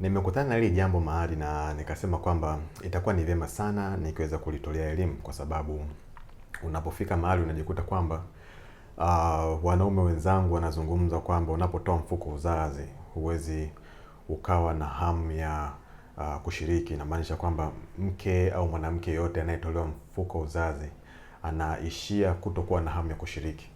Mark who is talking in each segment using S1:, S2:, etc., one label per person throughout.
S1: Nimekutana na hili jambo mahali na nikasema kwamba itakuwa ni vyema sana nikiweza kulitolea elimu kwa sababu unapofika mahali unajikuta kwamba uh, wanaume wenzangu wanazungumza kwamba unapotoa mfuko uzazi huwezi ukawa na hamu ya uh, kushiriki. Inamaanisha kwamba mke au mwanamke yoyote anayetolewa mfuko uzazi anaishia kutokuwa na hamu ya kushiriki,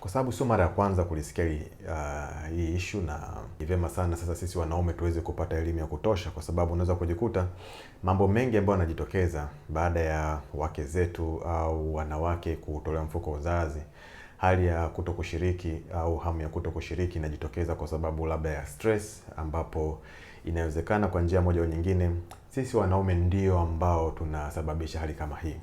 S1: kwa sababu sio mara ya kwanza kulisikia uh, hii ishu, na ni vyema sana sasa sisi wanaume tuweze kupata elimu ya kutosha, kwa sababu unaweza kujikuta mambo mengi ambayo yanajitokeza baada ya wake zetu au wanawake kutolewa mfuko wa uzazi hali ya kuto kushiriki au hamu ya kuto kushiriki inajitokeza kwa sababu labda ya stress, ambapo inawezekana kwa njia moja au nyingine sisi wanaume ndio ambao tunasababisha hali kama hii.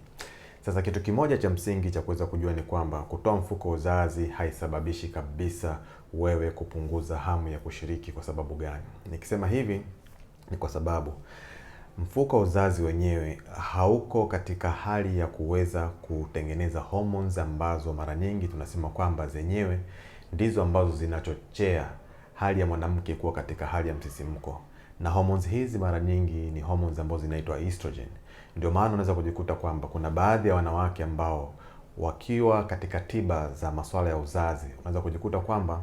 S1: Sasa kitu kimoja cha msingi cha kuweza kujua ni kwamba kutoa mfuko uzazi haisababishi kabisa wewe kupunguza hamu ya kushiriki. Kwa sababu gani? Nikisema hivi ni kwa sababu mfuko wa uzazi wenyewe hauko katika hali ya kuweza kutengeneza hormones ambazo mara nyingi tunasema kwamba zenyewe ndizo ambazo zinachochea hali ya mwanamke kuwa katika hali ya msisimko na hormones hizi mara nyingi ni hormones ambazo zinaitwa estrogen. Ndio maana unaweza kujikuta kwamba kuna baadhi ya wanawake ambao wakiwa katika tiba za masuala ya uzazi, unaweza kujikuta kwamba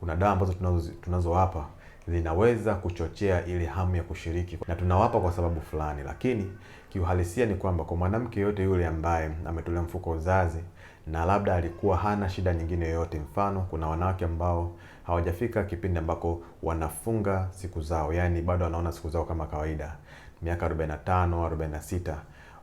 S1: kuna dawa ambazo tunazowapa tunazo linaweza kuchochea ile hamu ya kushiriki, na tunawapa kwa sababu fulani, lakini kiuhalisia ni kwamba kwa mwanamke yote yule ambaye ametolea mfuko wa uzazi na labda alikuwa hana shida nyingine yoyote. Mfano, kuna wanawake ambao hawajafika kipindi ambako wanafunga siku zao, yaani bado wanaona siku zao kama kawaida, miaka 45 46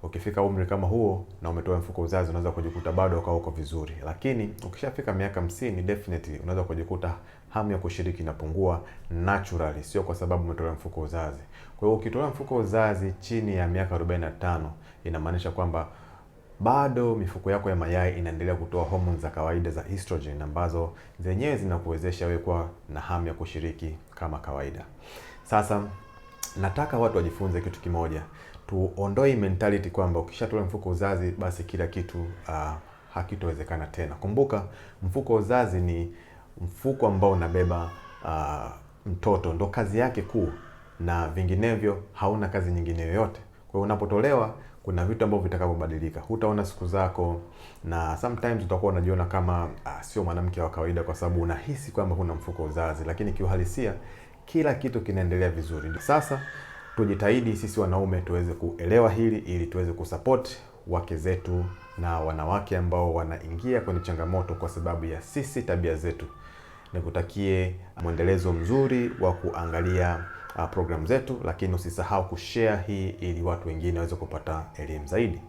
S1: ukifika umri kama huo na umetoa mfuko uzazi, unaweza kujikuta bado ukawa uko vizuri, lakini ukishafika miaka hamsini, definitely unaweza kujikuta hamu ya kushiriki inapungua naturally, sio kwa sababu umetolewa mfuko uzazi. Kwa hiyo ukitolewa mfuko uzazi chini ya miaka 45 inamaanisha kwamba bado mifuko yako ya mayai inaendelea kutoa homoni za kawaida za estrogen ambazo zenyewe zinakuwezesha wewe kuwa na hamu ya kushiriki kama kawaida. Sasa nataka watu wajifunze kitu kimoja, tuondoe mentality kwamba ukishatoa mfuko uzazi basi kila kitu uh, hakitowezekana tena. Kumbuka mfuko uzazi ni mfuko ambao unabeba uh, mtoto, ndo kazi yake kuu, na vinginevyo hauna kazi nyingine yoyote. Kwa hiyo unapotolewa kuna vitu ambavyo vitakavyobadilika, hutaona siku zako, na sometimes utakuwa unajiona kama uh, sio mwanamke wa kawaida, kwa sababu unahisi kwamba huna mfuko uzazi, lakini kiuhalisia kila kitu kinaendelea vizuri. Sasa tujitahidi sisi wanaume tuweze kuelewa hili ili tuweze kusupport wake zetu na wanawake ambao wanaingia kwenye changamoto kwa sababu ya sisi tabia zetu. Nikutakie mwendelezo mzuri wa kuangalia uh, program zetu, lakini usisahau kushare hii ili watu wengine waweze kupata elimu zaidi.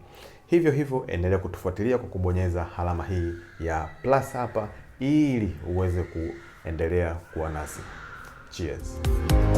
S1: Hivyo hivyo, endelea kutufuatilia kwa kubonyeza alama hii ya plus hapa ili uweze kuendelea kuwa nasi. Cheers.